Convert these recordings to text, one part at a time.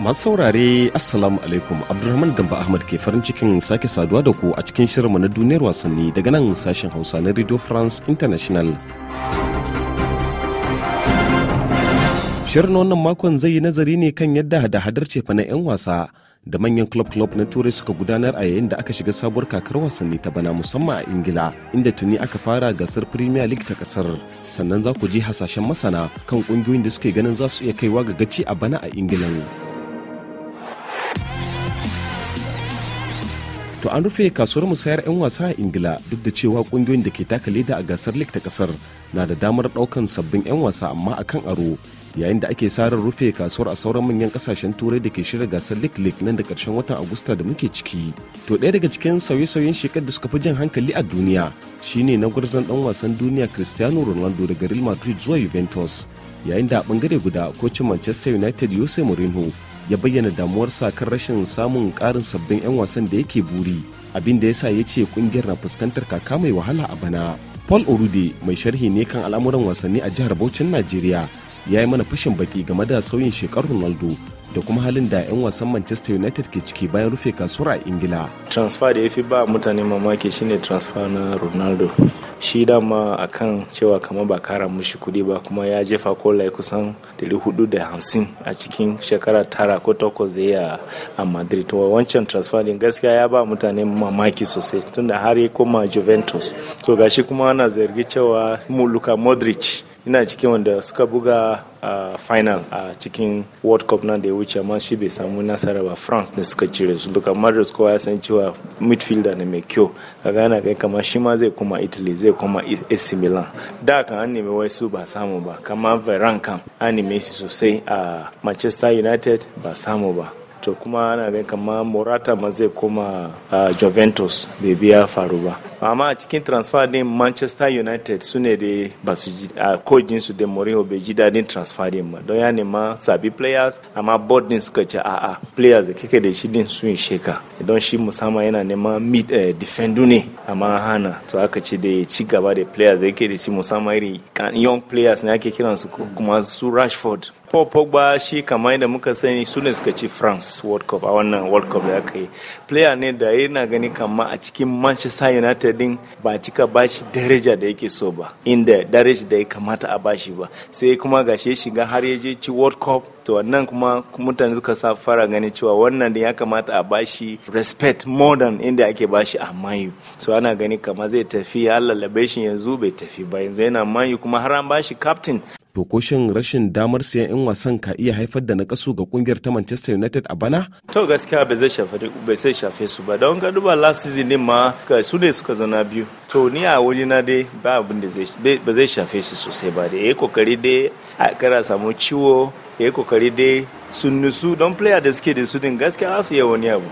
Masu saurare Assalamu alaikum Abdulrahman Gamba Ahmad ke farin cikin sake saduwa da ku a cikin shirinmu na duniyar wasanni daga nan sashen Hausa na Radio France International. Shirin wannan makon zai yi nazari ne kan yadda hada-hadar cefa na 'yan wasa da manyan club-club na turai suka gudanar a yayin da aka shiga sabuwar kakar wasanni ta bana musamman a ingila inda tuni aka fara gasar premier league ta kasar sannan za ku ji hasashen masana kan kungiyoyin da suke ganin za su iya kaiwa ga gaci a bana a ingilan. to an rufe kasuwar musayar 'yan wasa a ingila duk da cewa kungiyoyin da ke taka leda a gasar lig ta kasar na da damar daukan sabbin 'yan wasa amma akan aro yayin da ake sarar rufe kasuwar a sauran manyan kasashen turai da ke shirya gasar lig lig nan da karshen watan agusta da muke ciki to ɗaya daga cikin sauye-sauyen shekar da suka fi jan hankali a duniya shine na gwarzon dan wasan duniya cristiano ronaldo daga real madrid zuwa juventus yayin da a bangare guda kocin manchester united yose mourinho ya bayyana damuwarsa kan rashin samun karin sabbin 'yan wasan da yake buri abin da yasa ya ce kungiyar na fuskantar kaka mai wahala a bana paul orude mai sharhi ne kan al'amuran wasanni a jihar Bauchin najeriya ya yi mana fashin baki game da sauyin shekar ronaldo da kuma halin da 'yan wasan manchester united ke ciki bayan rufe kasuwar a ingila transfer da ya fi ba mutane mamaki shine transfer na ronaldo shi dama kan cewa kamar ba kara mushi kuɗi ba kuma ya jefa kola kusan 450 a cikin shekara tara ko takwas zai a a madrid to wancan transfer gaskiya ya ba mutane mamaki sosai tunda har ya koma juventus to gashi kuma ana zargi cewa mu luka modric ina cikin wanda suka buga a final a cikin world cup nan da ya wuce amma shi bai samu nasara ba france ne suka cire su duka madrid kowa ya san cewa midfielder ne mai kyau kaga yana kai kamar shi ma zai koma italy zai koma ac milan da kan an nemi wasu ba samu ba kama veran kam an nemi shi sosai a manchester united ba samu ba to kuma ana ganin kamar morata ma zai koma juventus bai biya faru ba amma a cikin transfer din manchester united su ne da ba su ji a kojin su da mourinho bai ji dadin transfer din ma don ya nema sabi players amma board din suka ce a players da kike da shi din su yin sheka don shi musamman yana nema mid eh, defendu ne amma hana to aka ce da ci gaba da players da yake da shi musamman iri young players ne ake kiran su kuma su rashford Paul Pogba shi kamar yadda muka sani su ne suka ci France World Cup a wannan World Cup da aka yi. Player ne da yana gani kama a cikin Manchester United minista din ba cika bashi daraja da yake so ba inda daraja da ya kamata a bashi ba sai kuma gashe shiga har ya je ci world cup to wannan kuma mutane suka sa fara gani cewa wannan da ya kamata a bashi respect more than inda ake bashi a mayu so ana gani kamar zai tafi ya lallabe shi yanzu bai tafi ba yanzu yana mayu kuma har an bashi captain to ko shin rashin damar siyan 'yan wasan ka iya haifar da nakasu ga kungiyar ta Manchester United a bana? To gaskiya bai zai shafe bai sai shafe su ba don ga duba last season din ma su ne suka zana biyu. To ni a wuri na dai ba abin da zai ba zai shafe su sosai ba dai yayi kokari dai a kara samu ciwo ya yi kokari dai sun nusu don player da suke da su din gaskiya su yi wani abu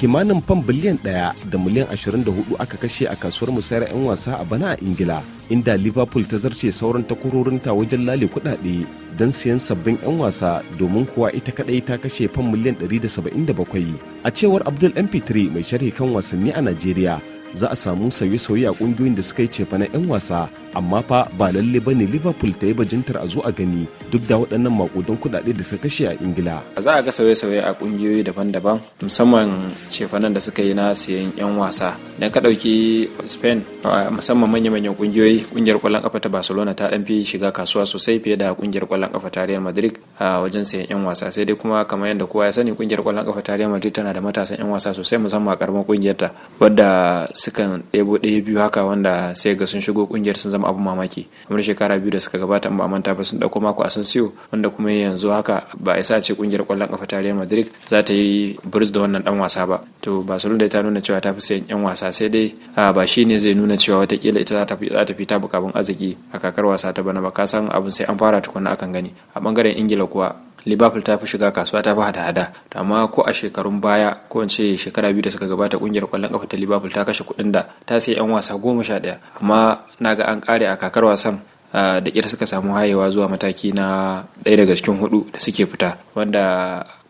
kimanin fam biliyan ɗaya da miliyan 24 aka kashe a kasuwar musayar 'yan wasa a bana a ingila inda liverpool ta zarce sauran takwarorinta wajen lale kudade don siyan sabbin 'yan wasa domin kuwa ita kadai ta kashe fan miliyan 177 a cewar abdul mp3 mai sharhi kan wasanni a nigeria. za a samu sauye-sauye a kungiyoyin da suka yi cefa na 'yan wasa amma fa ba lalle ba ne liverpool ta yi bajintar a zo a gani duk da waɗannan makudan kuɗaɗe da ta kashe a ingila za a ga sauye-sauye a kungiyoyi daban-daban musamman cefanen da suka yi na siyan 'yan wasa idan ka dauki spain musamman manya-manyan kungiyoyi kungiyar ƙwallon kafa ta barcelona ta ɗan fi shiga kasuwa sosai fiye da ƙungiyar ƙwallon ƙafa ta real madrid a wajen sayan 'yan wasa sai dai kuma kamar yadda kowa ya sani ƙungiyar ƙwallon ƙafa ta real madrid tana da matasan 'yan wasa sosai musamman a ƙaramin ƙungiyar ta wadda sukan ɗebo ɗaya biyu haka wanda sai ga sun shigo ƙungiyar sun zama abin mamaki kamar shekara biyu da suka gabata in ba manta ba sun ɗauko mako asensio wanda kuma yanzu haka ba isa ce kungiyar ƙwallon kafa ta real madrid za ta yi burs da wannan dan wasa ba to barcelona ta nuna cewa ta fi sayan 'yan wasa sai dai ba shi ne zai nuna cewa watakila ita za ta fita bukabun arziki a kakar wasa ta bana ba ka san abin sai an fara tukuna akan gani a bangaren ingila kuwa liverpool ta fi shiga kasuwa ta fi hada-hada amma ko a shekarun baya ko in ce shekara biyu da suka gabata kungiyar kwallon kafa ta liverpool ta kashe kuɗin da ta sai yan wasa goma sha ɗaya amma na ga an kare a kakar wasan da ƙira suka samu hayewa zuwa mataki na ɗaya daga cikin hudu da suke fita wanda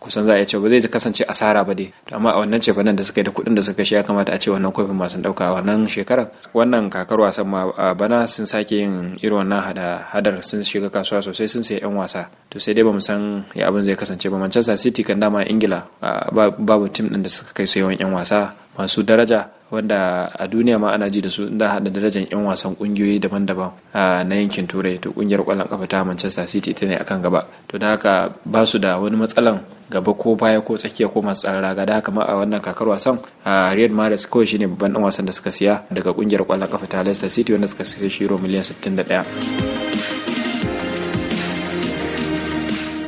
kusan za a iya ba zai kasance asara ba dai amma a wannan ce da suka yi da kuɗin da suka shi ya kamata a ce wannan kofin ma sun ɗauka a wannan shekarar wannan kakar wasan ma bana sun sake yin irin wannan hada hadar sun shiga kasuwa sosai sun sai yan wasa to sai dai bamu san ya abin zai kasance ba Manchester City kan dama Ingila babu tim ɗin da suka kai su yawan yan wasa masu daraja wanda a duniya ma ana ji da su da hada darajar yan wasan kungiyoyi daban-daban na yankin turai to kungiyar kwallon kafa ta manchester city ta ne akan gaba to da haka ba su da wani matsalan gaba ko baya ko tsakiya ko masu tsara raga da haka a wannan kakar wasan a Riyad maris kawai shine babban dan wasan da suka siya daga kungiyar kwallon kafa ta Leicester City wanda suka siya shiro miliyan 61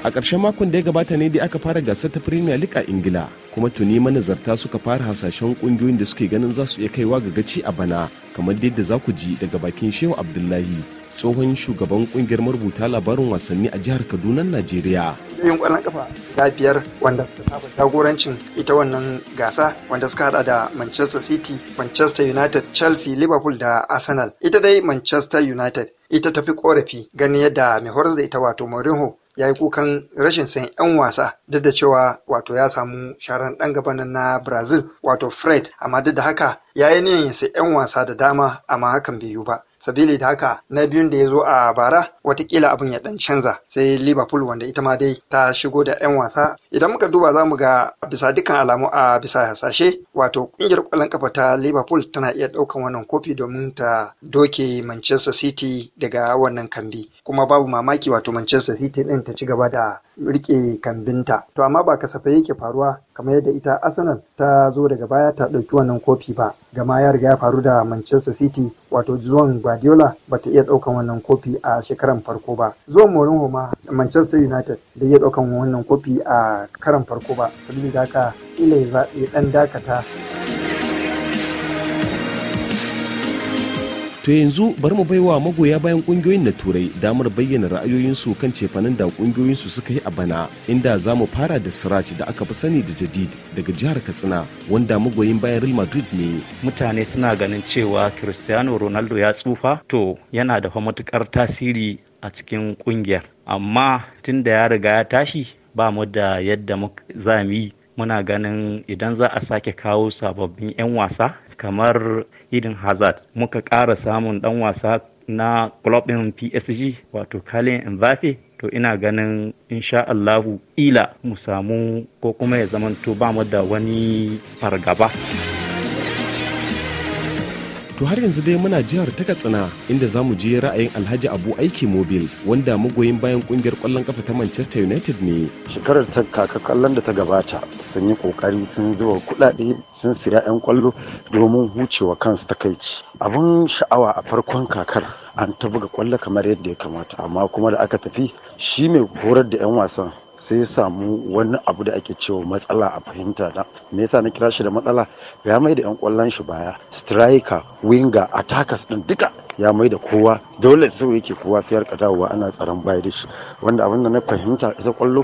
a ƙarshen makon da ya gabata ne da aka fara gasar ta premier league a ingila kuma tuni manazarta suka fara hasashen ƙungiyoyin da suke ganin za su iya kaiwa ga gaci a bana kamar yadda za ku ji daga bakin shehu abdullahi tsohon shugaban kungiyar marubuta labarin wasanni a jihar kaduna najeriya yin kwallon kafa guda biyar wanda suka saba jagorancin ita wannan gasa wanda suka hada da manchester city manchester united chelsea liverpool da arsenal ita dai manchester united ita ta fi korafi ganin yadda mai horar da ita wato mourinho ya yi kukan rashin san 'yan wasa duk da cewa wato ya samu sharan ɗan gabanin na brazil wato fred amma duk da haka ya yi niyan ya sai 'yan wasa da dama amma hakan bai yiwu ba sabili da haka na biyun da ya zo a bara watakila abin ya dan canza sai liverpool wanda ita ma dai ta shigo da 'yan wasa idan muka duba za mu ga bisa dukkan alamu a bisa hasashe wato kungiyar kwallon kafa ta liverpool tana iya daukan wannan kofi domin ta doke manchester city daga wannan kambi kuma babu mamaki wato manchester city din ta ci gaba da rike kambinta to amma ba kasafai yake faruwa kamar yadda ita Arsenal ta zo daga baya ta ɗauki wannan kofi ba gama ya riga ya faru da Manchester City wato zuwan Guardiola ba ta iya ɗaukan wannan kofi a shekaran farko ba zuwan Mourinho ma Manchester United da iya ɗaukan wannan kofi a karan farko ba saboda haka ila ya ɗan dakata To yanzu bar mu baiwa magoya bayan kungiyoyin na turai damar bayyana ra'ayoyinsu kan cefanen da kungiyoyinsu suka yi a bana inda za mu fara da Sirat da aka fi sani da Jadid daga jihar Katsina wanda magoyin bayan Real Madrid ne. Mutane suna ganin cewa Cristiano Ronaldo ya tsufa to yana da matukar tasiri a cikin kungiyar amma tun da ya riga ya tashi ba mu da yadda za mu yi muna ganin idan za a sake kawo sababbin 'yan wasa kamar Eden Hazard muka ƙara samun ɗan wasa na club ɗin PSG wato Kylian Mbappe to ina ganin insha Allahu ila mu samu ko kuma ya zamanto ba mu da wani fargaba. To har yanzu dai muna jihar ta Katsina inda za mu je ra'ayin Alhaji Abu Aiki Mobil wanda magoyin bayan kungiyar kwallon kafa ta Manchester United ne. Shekarar ta kaka kallon da ta gabata sun yi kokari sun zuba kuɗaɗe sun siya 'yan kwallo domin hucewa kansu takaici. Abun sha'awa a farkon kakar an ta buga kwallo kamar yadda ya kamata amma kuma da aka tafi shi mai horar da 'yan wasan sai ya samu wani abu da ake cewa matsala a fahimta na me yasa na kira shi da matsala ya mai da yan kwallon shi baya striker winger attackers din duka ya mai da kowa dole sau yake kowa sai ya ana tsaron baya da shi wanda abin da na fahimta ita kwallo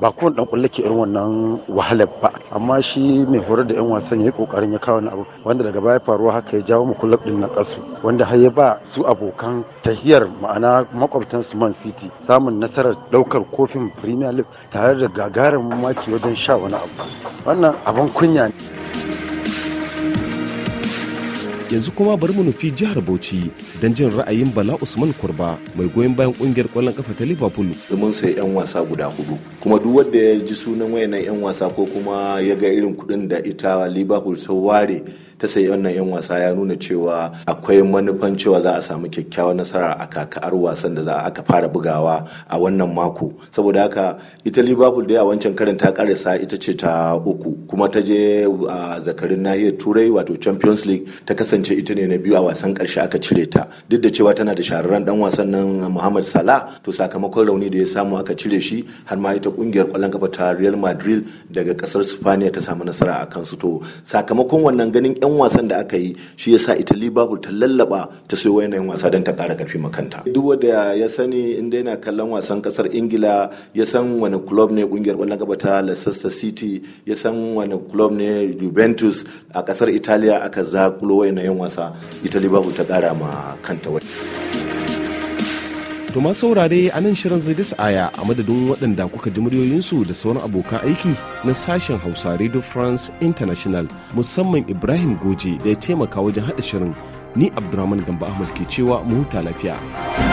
ba kowane dan kulle ke irin wannan wahalar ba amma shi mai horar da yan wasan yayi kokarin ya kawo ni abu wanda daga baya faruwa haka ya jawo mu kulle din na kasu wanda har ya ba su abokan tahiyar ma'ana makwabtan su Man City samun nasarar daukar kofin Premier League tare da gagarumin maki wajen sha wani abu wannan abin kunya ne yanzu kuma bari mu nufi jihar bauchi don jin ra'ayin bala usman kurba mai goyon bayan kungiyar kwallon kafa ta liverpool mun sai yan wasa guda hudu kuma duk wanda ya ji sunan wayannan yan wasa ko kuma ya ga irin kudin da ita liverpool ta ware ta sai wannan 'yan wasa ya nuna cewa akwai manufan cewa za a samu kyakkyawar nasara a kakar wasan da za a aka fara bugawa a wannan mako saboda haka ita liverpool da a wancan karin ta karasa ita ce ta uku kuma ta je a zakarin nahiyar turai wato champions league ta kasance ita ne na biyu a wasan karshe aka cire ta duk da cewa tana da shahararren dan wasan nan muhammad salah to sakamakon rauni da ya samu aka cire shi har ma ita kungiyar kwallon kafa ta real madrid daga kasar spaniya ta samu nasara a kansu to sakamakon wannan ganin 'yan dan wasan da aka yi shi yasa ita Liverpool ta lallaba ta sayo yan wasa don ta kara karfi makanta duk wanda ya sani inda yana kallon wasan kasar Ingila ya san wani club ne kungiyar kwallon gaba ta Leicester City ya san wani club ne Juventus a kasar Italiya aka zakulo yan wasa ita Liverpool ta kara ma kanta wani To ma saurare a nan shirin zai aya a madadin waɗanda kuka ji muryoyinsu da sauran abokan aiki na sashen Hausa Radio France International musamman Ibrahim Goje da ya taimaka wajen haɗa shirin ni abdulrahman Gamba Ahmad ke cewa mu huta lafiya.